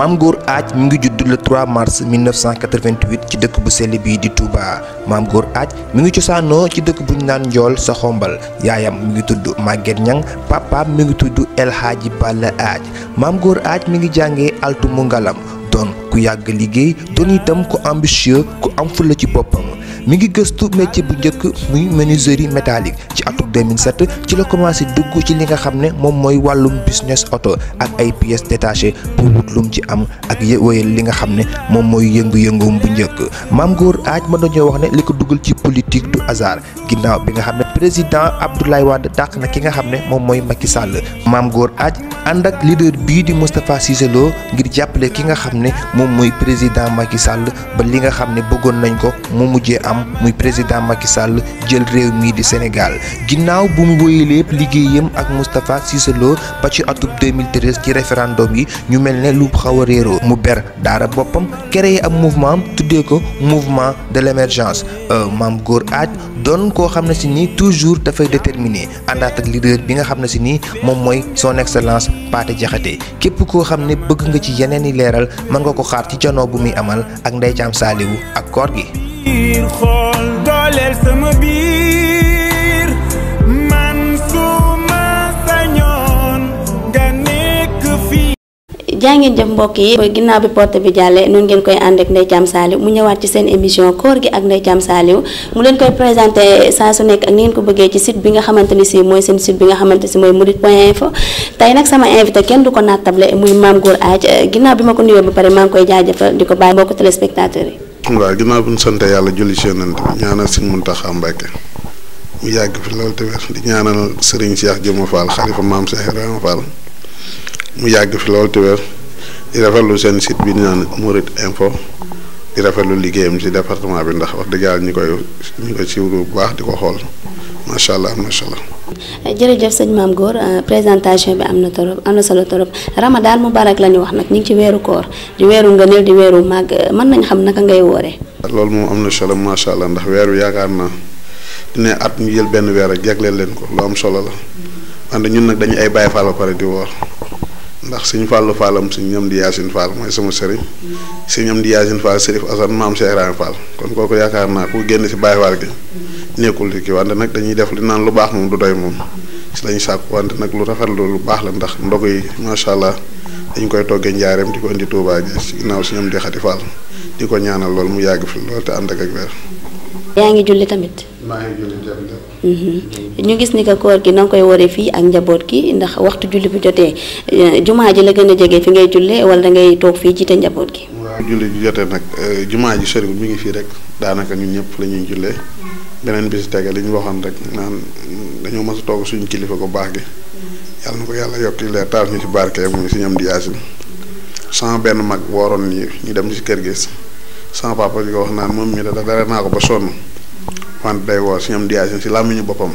maam Góor Aaj mu ngi judd le 3 mars 1988 ci dëkk bu sell bii di Touba maam Góor Aaj mi ngi cosaanoo ci dëkk bu ñu naan Njool sa xombal yaayam mi ngi tudd Maguette Niang papaam mi ngi tudd El Hadji Balla Aaj maam Góor Aaj mi ngi jàngee altu mu ngalam doon ku yàgg liggéey doon itam ku ambitieux ku am fulla ci boppam. mi ngi gëstu métier bu njëkk muy menuiserie métallique ci atum 2007 ci la commencé dugg ci li nga xam ne moom mooy wàllum business auto ak ay pièces détachées pour wut ci am ak wéyal li nga xam ne moom mooy yëngu-yëngoom bu njëkk maam góor aaj mën nañoo wax ne li ko dugal ci politique du hasard ginnaaw bi nga xam ne président Abdoulaye Wade dàq na ki nga xam ne moom mooy Macky Sall maam góor aaj ànd ak leader bii di Moustapha Cissé ngir jàppale ki nga xam ne moom mooy président Macky sàll ba li nga xam ne bëggoon nañ ko mu mujjee am muy président Macky sàll jël réew mii di Sénégal ginnaaw bu mu wéyee lépp liggéeyam ak Moustapha Cissé Lo ba ci atub 2013 ci référendum yi ñu mel ne lu xaw a réeroo mu ber daara boppam kere yi ab mouvement tuddee ko mouvement de l'émergence Euh, maam góor aaj doon koo xam ne si nii toujours dafay déterminé àndaat ak leader bi nga xam ne si nii moom mooy son excellence Pathé Diakhaté képp koo xam ne bëgg nga ci yeneen i leeral mën nga ko xaar ci janoo bu muy amal ak Ndeye Thiam Saliou ak koor gi. jaa ngeen jëf mbokk yi ginnaaw bi porte bi jàllee noonu ngeen koy ànd ak Ndeye Thiam Saliou mu ñëwaat ci seen émission koor gi ak Ndeye Thiam Saliou mu leen koy présenté saa su nekk ak ni ngeen ko bëggee ci site bi nga xamante ni si mooy seen site bi nga xamante si mooy mourides point info tey nag sama invité kenn du ko nattable muy Mame Gor Athie ginnaaw bi ma ko nuyoo ba pare maa ngi koy jaajëfal di ko bàyyi mbokk téléspectateurs yi waaw ginnaaw bi ñu sant yàlla julli ci Yonent bi ñaanal Sëriñ Muntaxa Mbàkke mu yàgg fi loolu te wér di ñaanal Sëriñ mu yàgg fi lool te wér di rafetlu seen sit bi ñu naan Mouride info di rafetlu liggéeyam ci département bi ndax wax dëgg yàlla ñu koy ñu koy siiwlu bu baax di ko xool macha allah macha allah. jërëjëf sëñ Maam euh, présentation bi am na torop am na solo torop Ramadan Mubarak la ñu wax nag ñu ngi ci weeru koor di weeru ngëneel di weeru màgg mën nañ xam naka ngay wooree. loolu moom am na solo macha allah ndax weer wi yaakaar naa dina at ñu jël benn weer ak jagleel leen ko lu am solo la wante ñun nag dañu ay Baay Faal pare di woor. ndax sëñ Fallou Fallam sëñ ñam di Yacine Fall mooy sama sëriñ sëñ ñam di Yacine Fall sërif Assane maam Cheikh Ibrahima kon kooku yaakaar naa ku génn si Baye Fall gi nekkul ci ki wante nag dañuy def li naan lu baax moom du doy moom si lañu sàkku wante nag lu rafet lu baax la ndax ndog yi macha allah dañ koy toggee njaareem di ko indi Touba gi si ginnaaw si ñam di Xadi Fall di ko ñaanal lool mu yàgg fi lool te ànd ak ak weer. Mhm. ñu gis ni que koor gi na koy ware fii ak njaboot gi ndax waxtu julli bu jotee eh, jumaa ji la gëna a fi ngay jullé wala ngay tok fi ci jiite njaboot gi waaw julli ji jotee nak eh, jumaa ji soriwul mi ngi fi rek naka ñun ñëpp la ñuy jullee beneen bi si tege li ñu waxoon rek naan dañu mësu tok suñu kilifa ko baax gi yalla nako yalla yok li taal ñu ci barké mu ci ñam di yasin sama ben mag woron nii ñu dem ci kër gi sama papa di ko wax naan mom mi da dara naa ko ba sonu wante day woo si ñoom di si làmmiñu boppam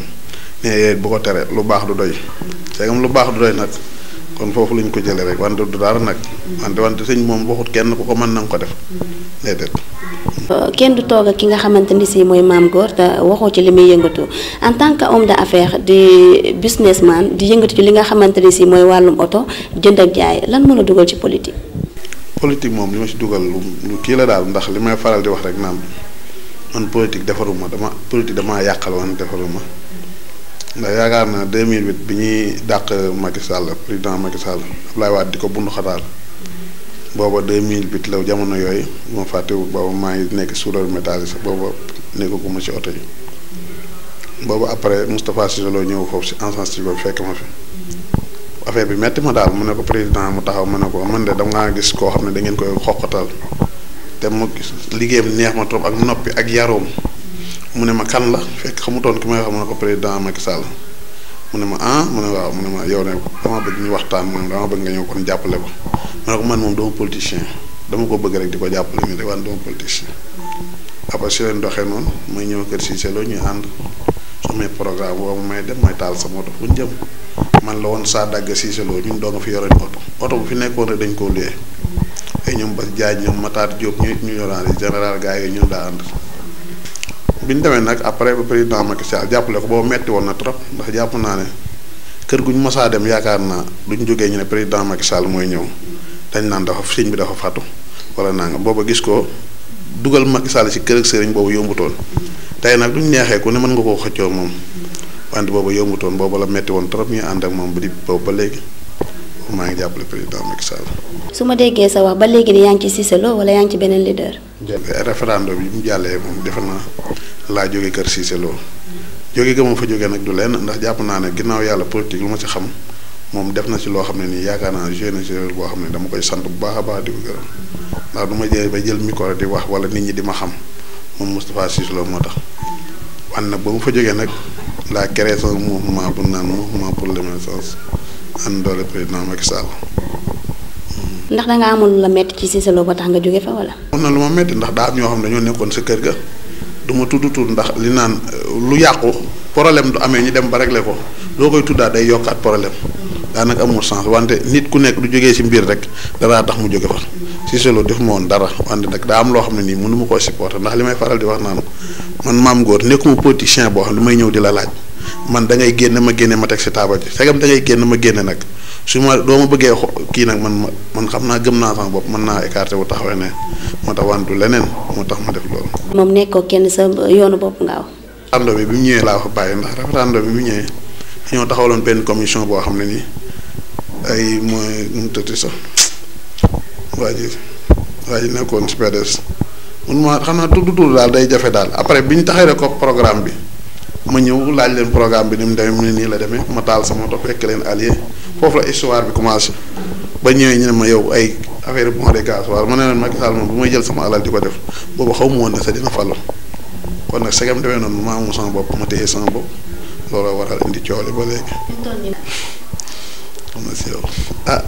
ne bu ko tere lu baax du doy seegam lu baax du doy nag kon foofu lañu ko jëlee rek wante du dara nag wante wante sëñ moom waxut kenn ku ko mën na ko def déedéet. Euh, kenn du toog ak ki nga xamante ni si mooy maam góor te waxoo ci li muy yëngatu en tant que homme d'affaires di businessman di yëngatu ci li nga xamante ni si mooy wàllum oto jënd ak jaay lan mën a dugal ci politique. politique moom li ma si dugal lu kii la daal ndax li may faral di wax rek naan man politique defaruma dama politique damaa yàqal woon defaruma ndax yaakaar naa 2008 bi ñuy dàq Macky Sall président Macky Sall Abdoulaye Wade di ko bundu xataal booba 2008 la jamono yooyu bu ma fàttewul booba maa ngi nekk soudeur métallique sax booba nekkaguma ci oto yi boobu après Moustapha Cissé Lo ñëw foofu si encense boobu fekk ma fi affaire bi metti ma daal mu ne ko président mu taxaw ma ne ko man de dama ngaa gis koo xam ne da ngeen koy xoqatal té mo gis ligéem neex ma trop ak noppi ak yarom mu ne ma kan la fekk xamutoon ki may wax mu ko président Macky Sall mu ne ma ah mu ne waaw mu ne ma yow ne dama bëgg ñu waxtaan mu ne dama bëgg nga ñëw kon jàppale ko ma ne ko man moom dama politicien dama ko bëgg rek di ko jàppale ñu rek waan dama politicien après si leen doxee noonu may ñëw kër Cissé Lo ñu ànd samay programme boobu may dem may taal sama oto fu ñu jëm man la woon saa dàgg Cissé Lo ñun doo nga fi yore oto oto bu fi nekkoon rek dañ koo liyee ñom ba jaaj ñom ñoom Matar Diop ñu ñu yoraan general gaay ñu ñoom daa ànd bi ñu après ba président Macky Sall jappalé ko bo metti woon na trop ndax japp na né kër guñu mësa dem yaakaar na duñ joggé ñu né président Macky Sall moy ñew dañ nan dafa señ bi dafa fatu wala nangam bobu gis ko dugal Macky Sall ci kër ak sëriñ boobu yombutoon tay nak duñ nexé ko né mën nga koo xëccoo moom wante booba yombutoon bobu la metti won trop ñu and ak mom bi bobu boobu ba léegi maa ngi jappalé président Macky Sall suma ma sa wax ba légui yaang ci Cissé Lo wala yaang ci benen leader. référendum bi mu jàllee moom defe naa laa kër Cissé Lo jóge ga moom fa jógee nak du lén ndax japp na né ginnaw yalla politique luma ci xam mom def na ci lo xamné ni nii jeune jeune bo xamné dama koy sant bu baaxa baax di ko gërëm da duma jé ba jël micro di wax wala nit ñi di ma xam mom mustapha Cissé Lo moo tax wan na bu mu fa jógee nak la création mouvement bu nan mouvement pour l'émergence ànd doole président Macky Sall ndax da nga amul na métti ci si Lo ba tax nga jóge fa wala. wax na lu ma métti ndax daa am ñoo xam dañoo nekkoon sa kër ga du ma tudd tur ndax li naan lu yàqu problème du amee ñu dem ba réglé ko loo koy tuddaa day yokkaat problème daanaka amul sens wante nit ku nekk du jógee ci mbir rek dara tax mu jóge fa Cissé Lo def ma woon dara wante nag daa am loo xam ne nii mënu ma koo supporter ndax li may faral di wax naan man maam góor nekkuma politicien boo xam may ñëw di la laaj. man da ngay génn ma génne ma teg si taabal ji segam da ngay génn ma génne nag su ma doo ma bëggee kii nag man man xam naa gëm naa sama bopp mën naa écarté wu taxawee moo tax wantu leneen moo tax ma def loolu. moom nekkoo kenn sa yoonu bopp nga bi bi mu laa fa bàyyi ndax rafet bi mu ñëwee ñoo taxawaloon benn commission boo xam ne nii ay mooy nu mu tëdd sax waa ji waa ji nekkoon si PDS mun ma xam naa tudd tudd daal day jafe daal après bi ñu taxawee ko programme bi. ma ñëw laaj leen programme bi ni mu demee mu ne nii la demee ma taal sama moto fekk leen allié foofu la histoire bi commencé ba ñëwee ñu ne ma yow ay affaire bon de gaz waaw ma ne leen Macky Sall moom bu may jël sama alal di ko def boobu xaw ma woon ne sa dina fallu kon nag segam demee noonu maa ma téye sama bopp looloo waral indi coow li ba léegi. xam na ah,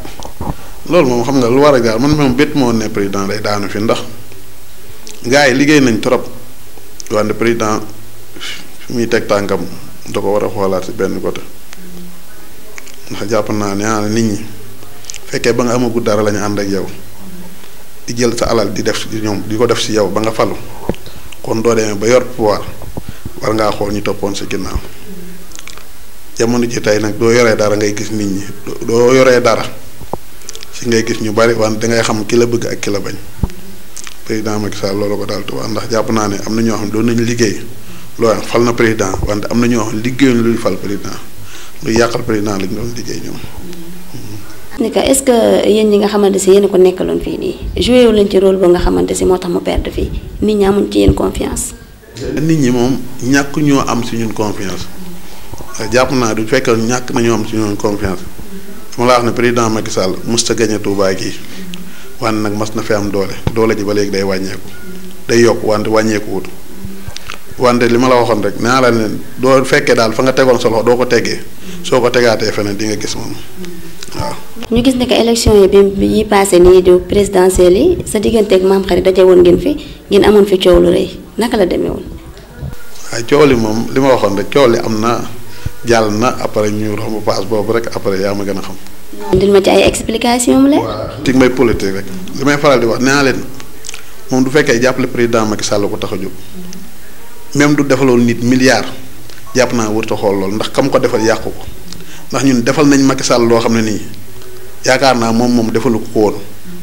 loolu moom xam nga lu war a gaal man moom bët moo ne président day daanu fi ndax gars yi liggéey nañ trop wante président. mi tek tangam tànkam da ko wara a xoolaat si côté ndax japp na ne ah, nit ñi fekke ba nga amagut dara lañu and ak yow di jël sa alal di def si ñom di ko def si yow ba nga falu kon do dem ba yor pouvoir war nga xol ñu topon ci ginnaw jamono ji tay nak do yoré dara ngay gis nit ñi do yoré dara ci ngay gis ñu bari da ngay xam ki la bëgg ak ki la bañ président Macky Sall loolu ko dal tuba ndax japp na ne am na ñoo xam do nañ liggéey. looy fal na président wante am na ñoo xam liggéeyuñu luy fal président lu yàqal président lañu doon liggéey ñoom. Mm-hmm. ni que est-ce que yéen ñi nga xamante si yéen ko nekkaloon fii nii joué wu leen ci nga xamante si moo tax mu perdre fii nit ñi amuñ ci yéen confiance. nit ñi moom ñàkk ñoo am si ñun confiance jàpp naa du fekk ñàkk nañoo am si ñun confiance ma la wax ne président Macky Sall musta gañe Touba gi wante nag mas na fi am doole doole ji ba léegi day wàññeeku day yokk wante wàññeeku wut. wante li ma la waxoon rek naa la leen doo fekkee daal fa nga tegoon solo doo ko tegee soo ko tegaatee feneen di nga gis moom waaw. ñu gis nekk que yi bi yi passé nii di présidentielle yi sa digganteeg maam xarit daje woon ngeen fi ngeen amoon fi coow lu rëy naka la demee woon. waaye coow li moom li ma waxoon rek coow li am na jàll na après ñu romb paas boobu rek après yaa ma gën a xam. dina ma ci ay explication mu leen. tig may politique rek li may faral di wax naa leen moom du fekkee jàppale président Macky Sall ko tax a jóg. même du defaloon nit milliard jàpp naa wërta xool loolu ndax kam ko defal yàqu ko ndax ñun defal nañ Macky Sall loo xam ne nii yaakaar naa moom moom defalu ko woon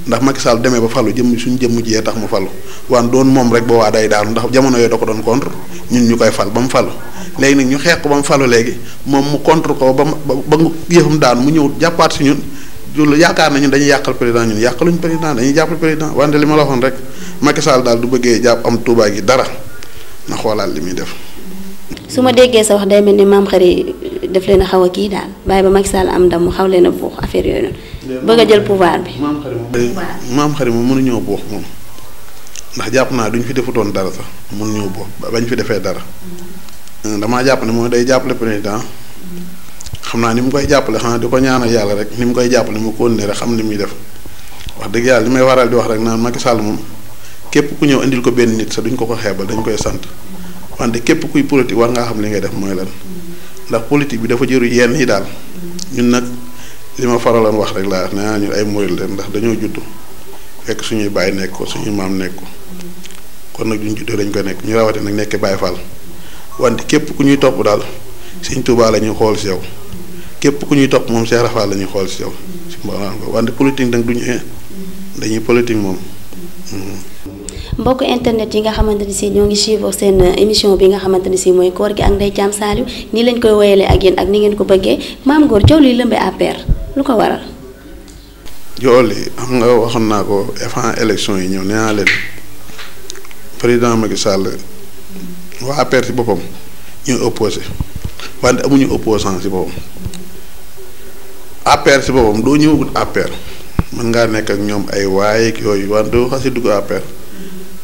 ndax Macky Sall demee ba falu jëm suñ jëmm jiyee tax mu falu waan doon moom rek boobaa day daanu ndax jamono yooyu da ko doon contre ñun ñu koy fal ba mu falu léegi nag ñu xeex ko ba mu falu léegi moom mu contre ko ba mu ba yëfam daanu mu ñëw jàppaat si ñun loolu yaakaar nañu dañuy yàqal président ñun yàqaluñ président dañuy jàppal président wante li ma la rek Macky daal du bëggee jàpp am gi dara. na xoolaat li muy def. su ma déggee sa wax day mel ni maam xari daf leen a xaw a kii daal bàyyi ba Macky Sall am ndam mu xaw leen a buux affaire yooyu noonu. bëgg a jël pouvoir bi. maam xari moom maam buux moom ndax jàpp naa duñ fi defutoon dara sax mënuñoo buux bañ fi defee dara. Mm. damaa jàpp ne moom day jàppale président mm. xam naa ni mu koy jàppale xanaa di ko ñaanal yàlla rek ni mu koy jàppale mu continuer rek xam li muy def wax dëgg yàlla li may waral di wax rek naan Macky Sall képp ku ñëw indil ko benn nit sax duñ ko ko xeebal dañ koy sant wante képp kuy politique war ngaa xam li ngay def mooy lan ndax politique bi dafa jëru yenn yi daal ñun nag li ma faraloon wax rek laa na ñu ay murid leen ndax dañoo juddu fekk suñuy baay nekk ko suñuy maam nekk ko kon nag duñ juddee dañ ko nekk ñu rawatee nag nekk Baay Faal wante képp ku ñuy topp daal Sëñ Tuubaa la ñuy xool si yow képp ku ñuy topp moom Cheikh Rafal la ñuy xool si yow si wante politique duñu eh, dañuy politique moom. Hmm. mbokk internet yi nga xamante ni si ñoo ngi suivre seen euh, émission bi nga xamante ni si mooy koor gi ak Ndeye Thiam Saliou nii lañ koy woyalee ak yéen ak ni ngeen ko bëggee maam Ngor coow liy lëmbee APR lu ko waral. jool yi xam nga waxoon naa ko avant élection yi ñëw nee leen président Macky Sall waa APR ci boppam ñu opposé wante amuñu opposant ci boppam APR ci boppam doo ñëwagul APR mën ngaa nekk ak ñoom ay waay ak yooyu wante doo xasee dugg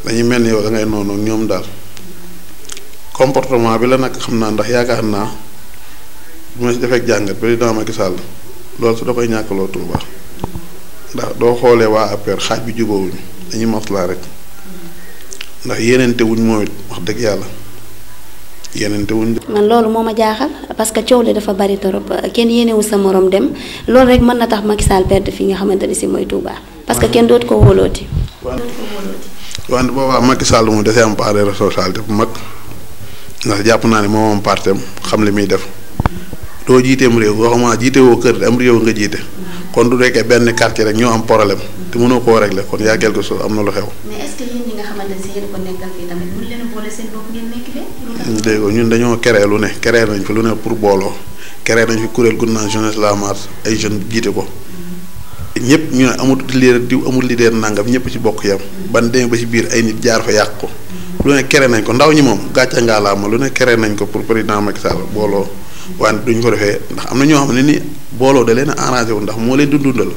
dañuy mel ni yow da noonu ñoom daal comportement bi la nag xam naa ndax yaakaar naa bu ma si defee jàngat président Macky Sall loolu su doo koy ñàkkaloo Touba ndax doo xoolee waa APR xaaj bi jubóowuñ dañuy maslaa rek ndax yenente wuñ moom it wax dëgg yàlla yenente wuñ. loolu moo ma jaaxal parce que coow li dafa bari trop kenn yéenewu sa morom dem loolu rek mën na tax Macky Sall perte fi nga xamante ni si mooy Touba. parce kenn dootu ko wóolooti. wante boobaa Macky Sall mu desee am part de responsabilité bu mag ndax jàpp naa ne moom am partem xam li muy def doo jiiteem réew waxuma jiite woo kër am réew nga jiite kon du nekkee benn quartier rek ñoo am problème te mënoo koo régler kon yaa ko chose am na lu xew. mais est ko ñun dañoo créé lu ne créé nañ fi lu ne pour booloo créé nañ fi kuréel gu naan jeunesse la marche ay jeunes jiite ko. ñëpp ñu ne amul leader diw amul leader nangam ñëpp ci bokk yam ban demee ba ci biir ay nit jaar fa yàq ko lu ne kere nañ ko ndaw ñi moom gàcce ma lu ne kere nañ ko pour président Macky Sall booloo wante duñ ko defee ndax am na ñoo xam ne ni booloo da leen a arrangé wu ndax moo leen dundundal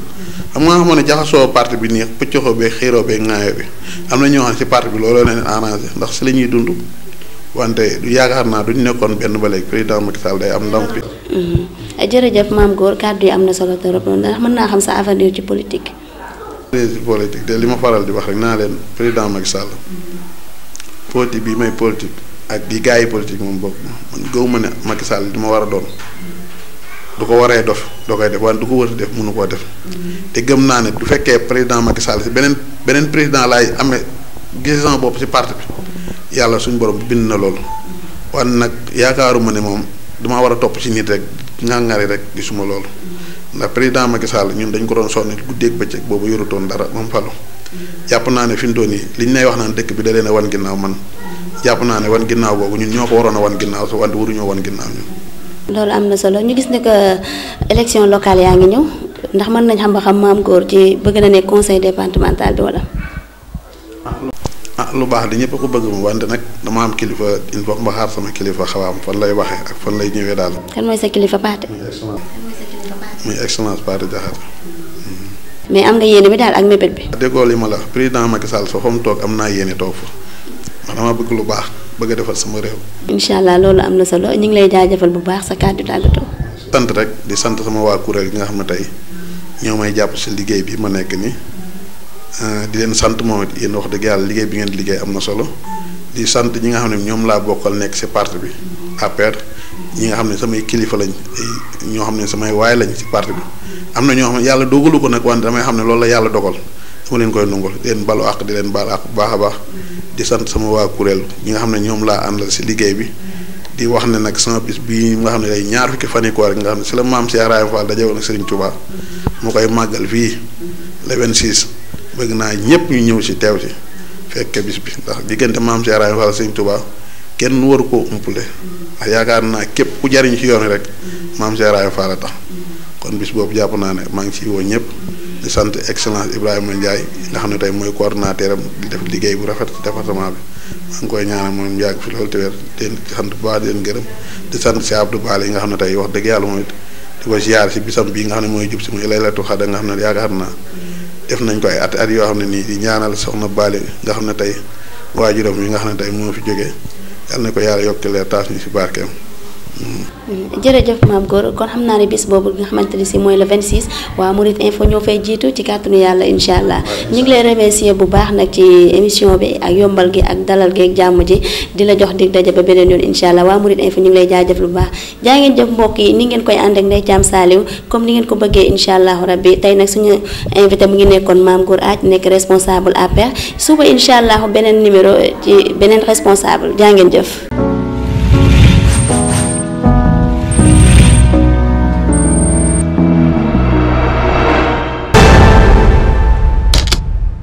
xam nga xam ne jaxasoo parti bi nii pëccoxoo bee xiiroo bee ŋaayoo bi am na ñoo xam ne si parti bi looloo leen arrangé ndax si la ñuy dund wante yaakaar naa duñ nekkoon benn ba léegi président Macky Sall day am ndam bi jërëjëf maam góor kàddu yi am na solo trop ndax mën naa xam sa avenir ci politique. ci politique de li ma faral di wax rek naa leen président Macky Sall politique bi may politique ak bi gars yi politique moom bopp man ma ne Macky Sall li ma war a doon du ko waree dof doo koy def waaye du ko war a def mënu koo def te gëm naa ne du fekkee président Macky Sall si beneen beneen président laay amee gis sama bopp si parti bi yàlla suñu borom bind na loolu wan nag yaakaaruma ne moom dama war a topp ci nit rek ñàngari rek gisuma loolu ndax ma Macky Sall ñun dañ ko doon sonni guddeeg bëccëg boobu yorutoon dara moom falu jàpp naa ne fi mu doon yi li ñu lay wax naan dëkk bi da leen a wan ginnaaw man jàpp naa ne wan ginnaaw boobu ñun ñoo ko waroon a wan ginnaaw so wante waruñoo wan ginnaaw ñun. loolu am na solo ñu gis ne que élection locale yaa ngi ñëw ndax mën nañ xam ba xam maam góor ci bëgg na ne conseil départemental bi wala. ah lu baax di ñëpp ko bëgg moom wante nag dama am kilifa il faut ma xaar sama kilifa xawaam fan lay waxee ak fan lay ñëwee daal. kan mooy sa kilifa Pathé. muy excellence muy excellence Pathé Diakhaté. mais am nga yéene bi daal ak mébét bi. déggoo li ma la président Macky Sall fa fa mu toog am naa yéene toog fa man dama bëgg lu baax bëgg a defal sama réew. incha allah loolu am na solo ñu ngi lay jaajëfal bu baax sa kàddu tàggatoo. sant rek di sant sama waa kuréel gi nga xam ne tey ñoo may jàpp si liggéey bi ma nekk nii. Euh, di leen sant moom it yéen wax dëgg yàlla liggéey bi ngeen liggéey am na solo di sant ñi nga xam ne ñoom laa bokkal nekk si parti bi APR ñi nga xam ne samay kilifa lañ ñoo xam ne samay waay lañ si parti bi am na ñoo xam ne yàlla dogalu ko nag wante damay xam ne loolu la yàlla dogal dama leen koy nungul di leen balu di leen baal àq bu baax a baax di sant waa kuréel ñi nga xam ne ñoom laa àndal si liggéey bi di wax ne nag sama bis bii nga xam ne day ñaar fukki fan yi nga xam ne si la maam Cheikh Ibrahima Fall dajewoon ak Serigne Touba mu koy màggal fii le 26. bëgg naa ñëpp ñu ñëw si teew si fekke bis bi ndax diggante maam Cheikh Ibrahima Fall Sëñ Touba kenn waru koo umpule ndax yaakaar naa képp ku jariñ ci yoon rek maam Cheikh Ibrahima Fall a tax kon bis boobu jàpp naa ne maa ngi ciy woo ñëpp di sant excellence Ibrahima Ndiaye nga xam ne tey mooy coordonnateur am di def liggéey bu rafet ci bi maa koy ñaanal moom yàgg fi loolu te wér di sant bu baax di leen gërëm di sant si Abdou Bale yi nga xam ne tey wax dëgg yàlla mooy di si bisam bii xam ne mooy jub si muy laylatul xadar nga xam ne yaakaar naa def nañ ko ay at at yoo xam ne nii di ñaanal soxna Bali nga xam ne tey waajuram yi nga xam ne tey moo fi jógee yal na ko yàlla yokk leer taas ñu si barkeem. jërëjëf maam góor kon xam naa ne bis boobu nga xamante ni si mooy le 26 waa Mouride Info ñoo fay jiitu ci kàttanu yàlla incha allah ñu ngi lay remercier bu baax nag ci émission bi ak yombal gi ak dalal gi ak jàmm ji di la jox dig daje ba beneen yoon incha allah waa Info ñu ngi lay jaajëf lu baax jaa ngeen jëf mbokk yi ni ngeen koy ànd ak Ndeye Thiam Saliou comme ni ngeen ko bëggee incha allah rabbi tey nag suñu invité mu ngi nekkoon maam góor aaj nekk responsable APR e suba allah numéro ci beneen responsable jaa ngeen jëf